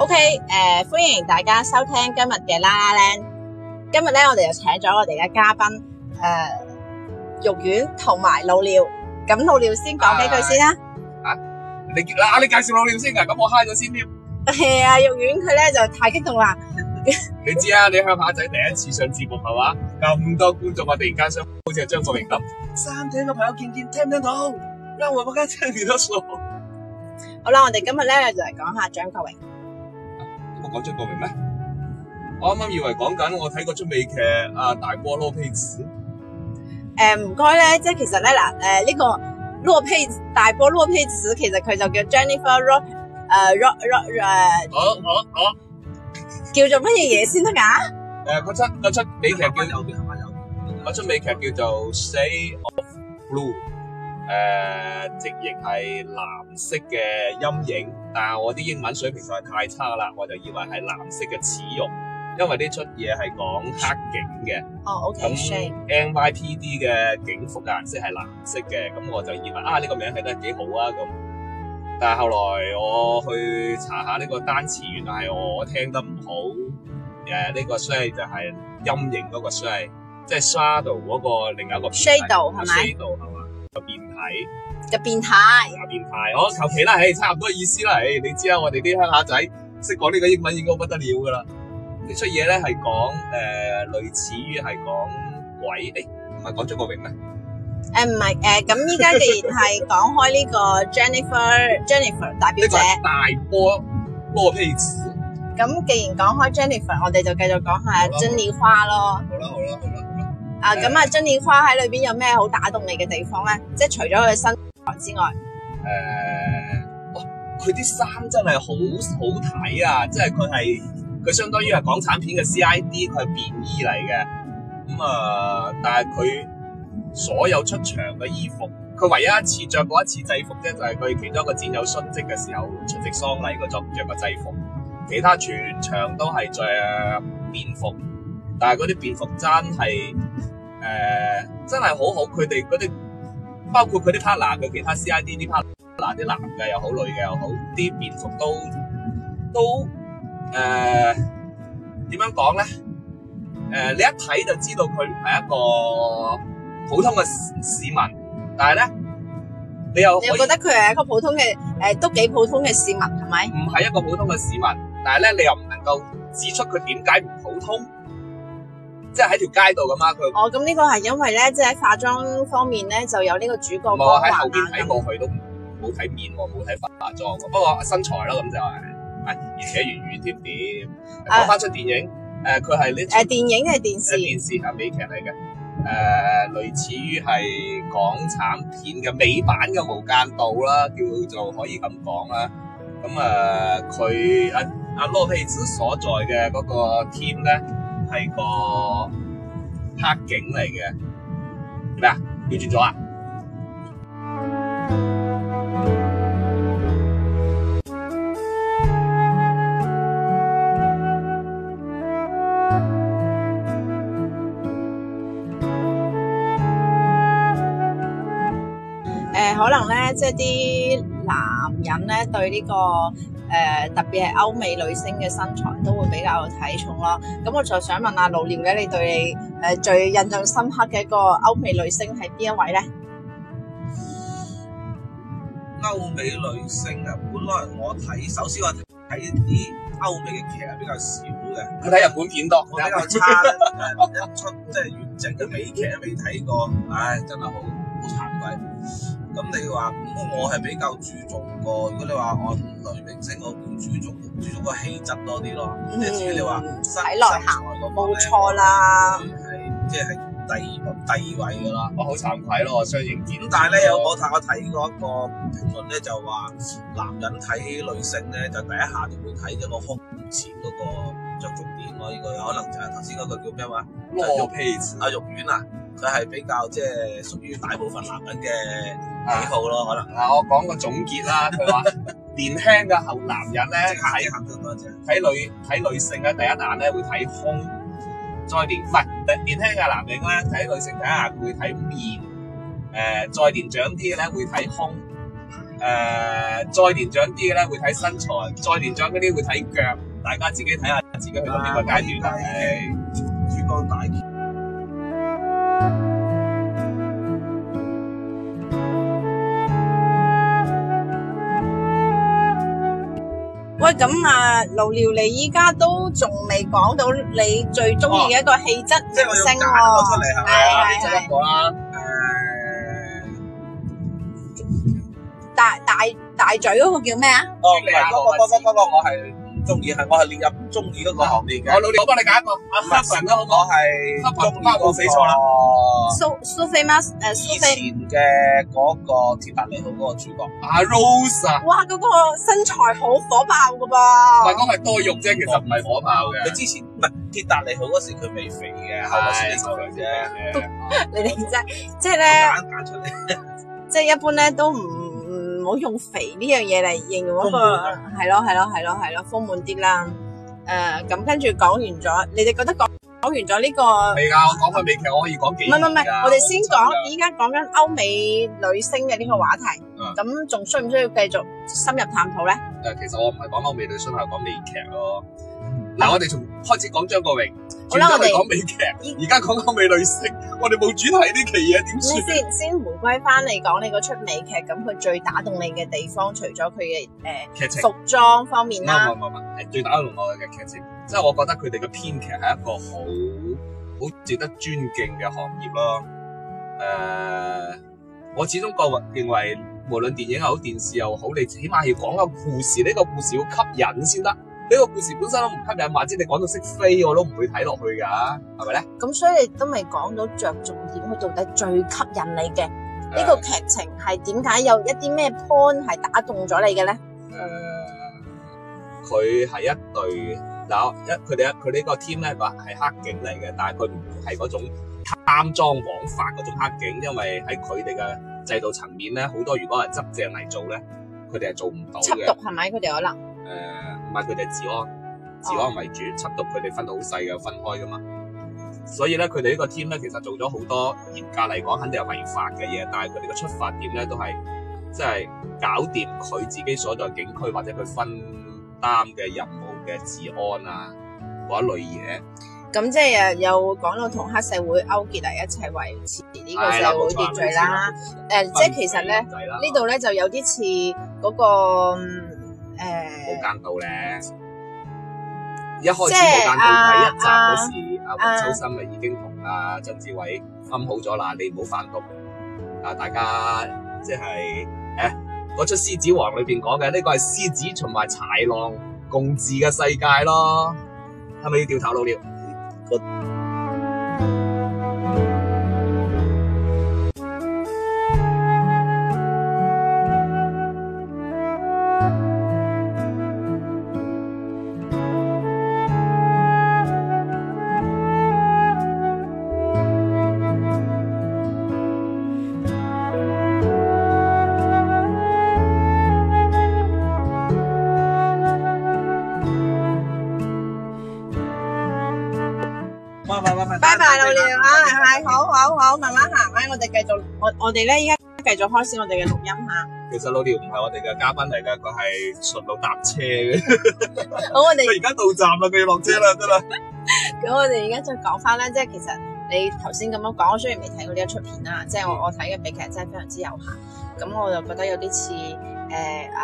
OK，誒，歡迎大家收聽今日嘅啦啦靚。今日咧，我哋又請咗我哋嘅嘉賓誒，肉丸同埋老廖。咁老廖先講俾佢先啦。啊，你啊，你介紹老廖先噶，咁我 high 咗先添。係啊，肉丸佢咧就太激動啦。你知啊，你鄉下仔第一次上節目係嘛？咁多觀眾啊，突然間想好似係張國榮咁。三仔個朋友見見，聽唔聽到？啱啱好唔該，聽唔聽到？好啦，我哋今日咧就嚟講下張國榮。我講出個名咩？我啱啱以為講緊我睇嗰出美劇啊，大波洛佩茲。誒，唔該咧，即係其實咧嗱，誒呢個洛佩大波洛佩茲，其實佢就叫 Jennifer Rock，誒 Rock Rock 誒，好，好，好，叫做乜嘢嘢先得噶？誒，嗰出嗰出美劇叫嗰出美劇叫做《Shades of Blue》，誒直譯係藍色嘅陰影。但係我啲英文水平實在太差啦，我就以為係藍色嘅恥辱，因為出講、oh, okay. 呢出嘢係講黑警嘅，哦 OK OK NYPD 嘅警服嘅顏色係藍色嘅，咁我就以為啊呢、這個名起得係幾好啊咁。但係後來我去查下呢個單詞，原來係我聽得唔好，誒呢、mm hmm. yeah, 個 shade 就係陰影嗰個 shade，即係 shadow 嗰個，另外一個 shadow 係咪？個變態，個變態，個變態，我求其啦，唉，差唔多意思啦，唉，你知啦，我哋啲鄉下仔識講呢個英文應該不得了噶啦。你出嘢咧係講誒，類似於係講鬼，唔係講張國榮咩？誒唔係，誒咁依家既然係講開呢個 Jennifer Jennifer 大表姐，大波波皮子。咁既然講開 Jennifer，我哋就繼續講下珍妮花咯。好啦，好啦。Uh, 嗯、啊，咁啊，張年花喺裏邊有咩好打動你嘅地方咧？即係除咗佢身材之外，誒，哇，佢啲衫真係好好睇啊！即係佢係佢相當於係港產片嘅 CID，佢係便衣嚟嘅。咁、嗯、啊、呃，但係佢所有出場嘅衣服，佢唯一一次着過一次制服啫，就係、是、佢其中一個戰友殉職嘅時候出席喪禮嗰種着個制服，其他全場都係着便服。但係嗰啲便服真係誒、呃、真係好好，佢哋嗰啲包括佢啲 partner，佢其他 C.I.D 啲 partner 啲男嘅又好，女嘅又好，啲便服都都誒點樣講咧？誒、呃、你一睇就知道佢唔係一個普通嘅市民，但係咧你，你又覺得佢係一個普通嘅誒都幾普通嘅市民係咪？唔係一個普通嘅市民，但係咧你又唔能夠指出佢點解唔普通。即係喺條街度噶嘛，佢哦，咁呢個係因為咧，即係喺化妝方面咧，就有呢個主角光環、嗯、我喺後邊睇過佢、嗯、都冇睇面喎，冇睇化化妝。不過身材咯，咁就係、是，係而且粵語添添。講翻出電影，誒、啊，佢係呢？誒、嗯嗯，電影定電視？誒，電視係美劇嚟嘅，誒、啊，類似於係港產片嘅美版嘅無間道啦，叫做可以咁講啦。咁啊，佢阿阿羅佩茲所在嘅嗰個 team 咧。係個黑警嚟嘅，做咩啊？調轉咗啊！誒、呃，可能咧，即係啲男人咧，對呢、這個。誒，特別係歐美女星嘅身材都會比較有體重咯，咁我就想問下盧廖咧，你對你誒最印象深刻嘅一個歐美女星係邊一位咧？歐美女星啊，本來我睇，首先我睇一啲歐美嘅劇係比較少嘅，我睇日本片多，我比較差，一出即係完整嘅美劇都未睇過，唉，真係好慚愧。咁你話，我係比較注重個，如果你話按女明星，我會注重注重個氣質多啲咯。嗯、即係至於你話身材冇錯啦，係即係第二第二位噶啦，哦。我好慚愧咯，相應點。但係咧，有我睇我睇過一個評論咧，就話男人睇女性咧，就第一下就會睇咗個胸前嗰個着重點咯。呢個可能就係頭先嗰個叫咩話阿肉皮、阿我、啊、肉丸啊，佢係比較即係、就是、屬於大部分男人嘅。幾、啊、好咯，可能嗱、啊，我講個總結啦，佢話 年輕嘅後男人咧，睇女睇女性嘅第一眼咧會睇胸，再年唔係年輕嘅男人咧睇女性第一眼會睇面，誒、呃、再年長啲嘅咧會睇胸，誒、呃、再年長啲嘅咧會睇身材，再年長嗰啲會睇腳，大家自己睇下自己去到邊個階段啦。啊喂，咁啊，盧廖你依家都仲未講到你最中意嘅一個氣質明星喎。係啊，你講啦，誒、啊嗯，大大大嘴嗰個叫咩啊？哦，唔係嗰個嗰嗰嗰個我係。中意係我係列入中意嗰個行列嘅。我老我幫你揀一個。啊，黑粉咯，我係中意嗰個。冇寫錯啦。蘇蘇菲嗎？誒，以前嘅嗰個鐵達尼號嗰個主角。啊，Rose 啊！哇，嗰個身材好火爆嘅噃。大哥係多肉啫，其實唔係火爆嘅。佢之前唔係鐵達尼號嗰時佢未肥嘅，後來先肥咗嘅啫。你哋真即係咧，揀揀出嚟，即係一般咧都唔。我用肥呢樣嘢嚟形容嗰個，係咯係咯係咯係咯豐滿啲啦，誒咁、嗯呃、跟住講完咗，你哋覺得講講完咗呢、這個未啊？我講翻美劇、嗯、我可以講幾唔係唔係，我哋先講依家講緊歐美女星嘅呢個話題，咁仲需唔需要繼續深入探討咧？誒、嗯，其實我唔係講歐美女星，係講美劇咯。嗱，啊、我哋從開始講張國榮，啦吧，講我哋講美劇，而家講歐美女星，我哋冇主題呢期嘢，點算？先，先回歸翻嚟講你嗰出美劇，咁佢最打動你嘅地方，除咗佢嘅誒劇情、服裝方面啦，唔唔唔，係、嗯嗯嗯、最打動我嘅劇情，即係、嗯、我覺得佢哋嘅編劇係一個好好值得尊敬嘅行業咯。誒、呃，嗯、我始終個認為，無論電影又好，電視又好，你起碼要講個故事，呢、這個故事要吸引先得。呢個故事本身都唔吸引，或者你講到識飛我都唔會睇落去㗎，係咪咧？咁所以你都未講到着重點，佢到底最吸引你嘅呢、嗯、個劇情係點解有一啲咩 point 係打動咗你嘅咧？誒、嗯，佢係一隊，有一佢哋一佢呢個 team 咧，話係黑警嚟嘅，但係佢唔係嗰種貪贓枉法嗰種黑警，因為喺佢哋嘅制度層面咧，好多如果係執正嚟做咧，佢哋係做唔到嘅。緝毒係咪？佢哋可能。誒、嗯。佢哋治安治安為主，緝毒佢哋分到好細嘅分開㗎嘛。嗯、所以咧，佢哋呢個 team 咧，其實做咗好多嚴格嚟講肯定係違法嘅嘢，但係佢哋嘅出發點咧都係即係搞掂佢自己所在警區或者佢分擔嘅任務嘅治安啊，嗰一類嘢。咁即係誒，又講到同黑社會勾結嚟ん一齊維持呢個社會秩序啦。誒，即係其實咧，呢度咧就有啲似嗰個。絲 mm. 冇間道咧，一開始冇間道。第一集嗰時，阿黃、啊啊、秋生咪已經同阿曾志偉分好咗啦，啊、你唔好反攻，嗱大家即係誒，嗰、哎、出《獅子王》裏邊講嘅呢個係獅子同埋豺狼共治嘅世界咯，係咪要掉頭路了？ 拜拜老廖啊，係、okay. okay, 好好好，慢慢行啊！我哋繼續，我我哋咧依家繼續開始我哋嘅錄音吓。其實老廖唔係我哋嘅嘉賓嚟噶，佢係順路搭車嘅。好、okay. well,，我哋佢而家到站啦，佢要落車啦，得啦。咁我哋而家再講翻咧，即係其實你頭先咁樣講，我雖然未睇過呢一出片啦，即係我我睇嘅美劇真係非常之有限，咁我就覺得有啲似誒阿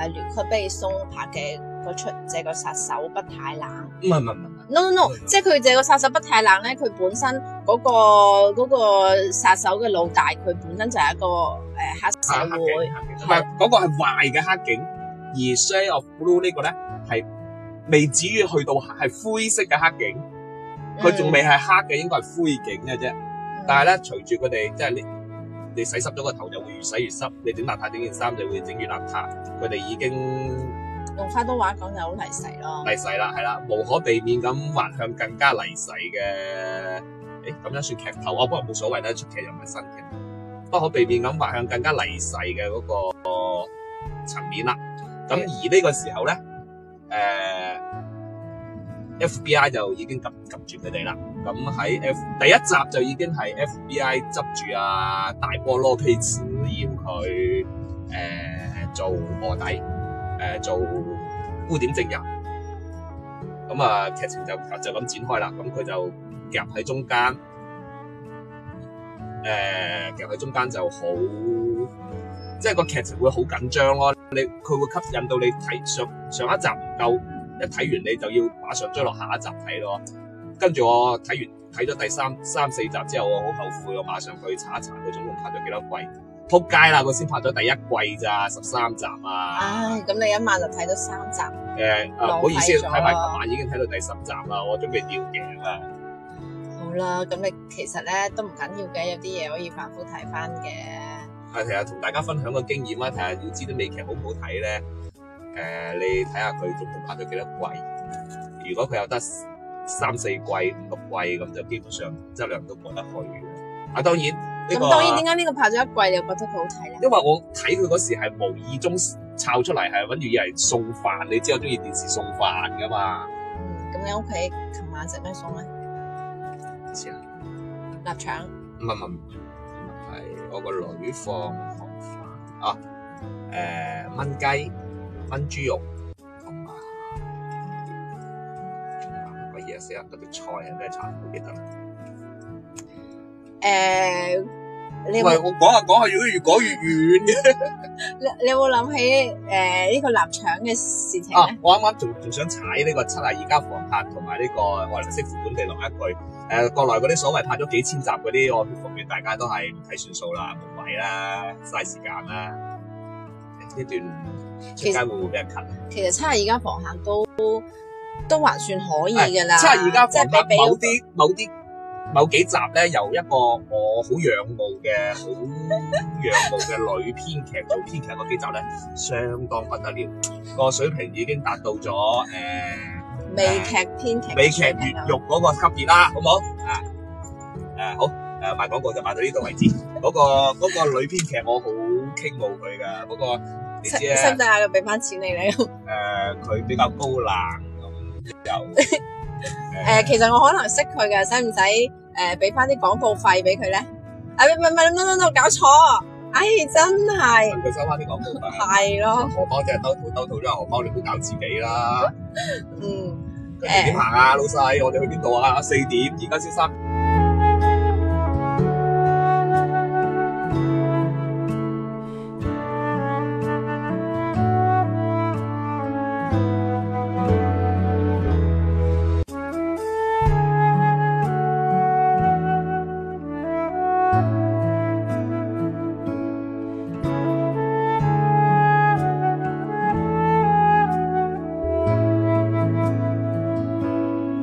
阿盧克貝松拍嘅。嗰出即係個殺手不太冷，唔係唔係唔係，no no no，即係佢即係個殺手不太冷咧，佢本身嗰個嗰個殺手嘅老大，佢本身就係一個誒黑社會，唔係嗰個係壞嘅黑警，而 Shade of Blue 呢個咧係未至於去到係灰色嘅黑警，佢仲未係黑嘅，應該係灰警嘅啫。但係咧，隨住佢哋即係你你洗濕咗個頭，就會越洗越濕，你整邋遢，整件衫就會整越邋遢。佢哋已經。用花都話講就好利勢咯，利勢啦，係啦，無可避免咁滑向更加利勢嘅，誒、欸、咁樣算劇透啊，不過冇所謂啦，出劇又唔係新劇，不可避免咁滑向更加利勢嘅嗰個層面啦。咁而呢個時候咧，誒、呃、FBI 就已經撳撳住佢哋啦。咁喺 F 第一集就已經係 FBI 執住啊大波羅佩茨，要佢誒做卧底。誒做污點證人，咁啊劇情就就咁展開啦。咁佢就夾喺中間，誒、呃、夾喺中間就好，即係個劇情會好緊張咯。你佢會吸引到你睇上上、上一集唔夠，一睇完你就要馬上追落下一集睇咯。跟住我睇完睇咗第三三四集之後，我好後悔，我馬上去查一查佢總共拍咗幾多季。撲街啦！我先拍咗第一季咋，十三集啊。唉、哎，咁你一晚就睇到三集。誒誒、呃，唔好意思，睇埋琴晚已經睇到第十集啦，我準備吊頸啦。好啦，咁你其實咧都唔緊要嘅，有啲嘢可以反覆睇翻嘅。係係啊，同大家分享個經驗啦，睇下要知啲美劇好唔好睇咧？誒、呃，你睇下佢足足拍咗幾多季？如果佢有得三四季、五六季咁，就基本上質量都過得去。啊，當然。咁當然，點解呢個拍咗一季你又覺得佢好睇咧？因為我睇佢嗰時係無意中抄出嚟，係揾住嘢嚟送飯。你知我中意電視送飯噶嘛？嗯，咁你屋企琴晚食咩餸咧？先臘腸？唔係唔係，係我個女放學飯啊！誒，燜雞、燜豬肉同埋個嘢食啊，嗰啲菜係咩菜都記得。誒、欸，你唔係我講下講下，如果越講越遠嘅。 你你有冇諗起誒呢、呃這個臘腸嘅事情咧、啊？我啱啱仲仲想踩呢個七十二家房客同埋呢個外、這個呃、來媳婦本地郎一句誒，國內嗰啲所謂拍咗幾千集嗰啲外呼服務員，大家都係唔睇算數啦，無謂啦，嘥時間啦。呢段出街會會其，其實會唔會俾人近？其實七十二家房客都都還算可以噶啦。七十二家房客，比某啲些某啲。某幾集咧，由一個我好仰慕嘅、好仰慕嘅女編劇做編劇，嗰幾集咧，相當不得了，個水平已經達到咗誒美劇編劇、美劇越獄嗰個級別啦，好唔好？啊誒好，誒賣廣告就賣到呢度為止。嗰個嗰個女編劇我好傾慕佢㗎，不過你知啊？新大亞俾翻錢你咧？誒，佢比較高冷咁又，誒，其實我可能識佢嘅，使唔使？誒，俾翻啲廣告費俾佢咧，啊唔唔唔，no no no，搞錯，唉、哎，真係，佢收翻啲廣告費，係咯，荷包即係偷套偷套咗，荷包你都,都,都,都搞自己啦，嗯，點行啊，老細，我哋去邊度啊，四點，而家先生。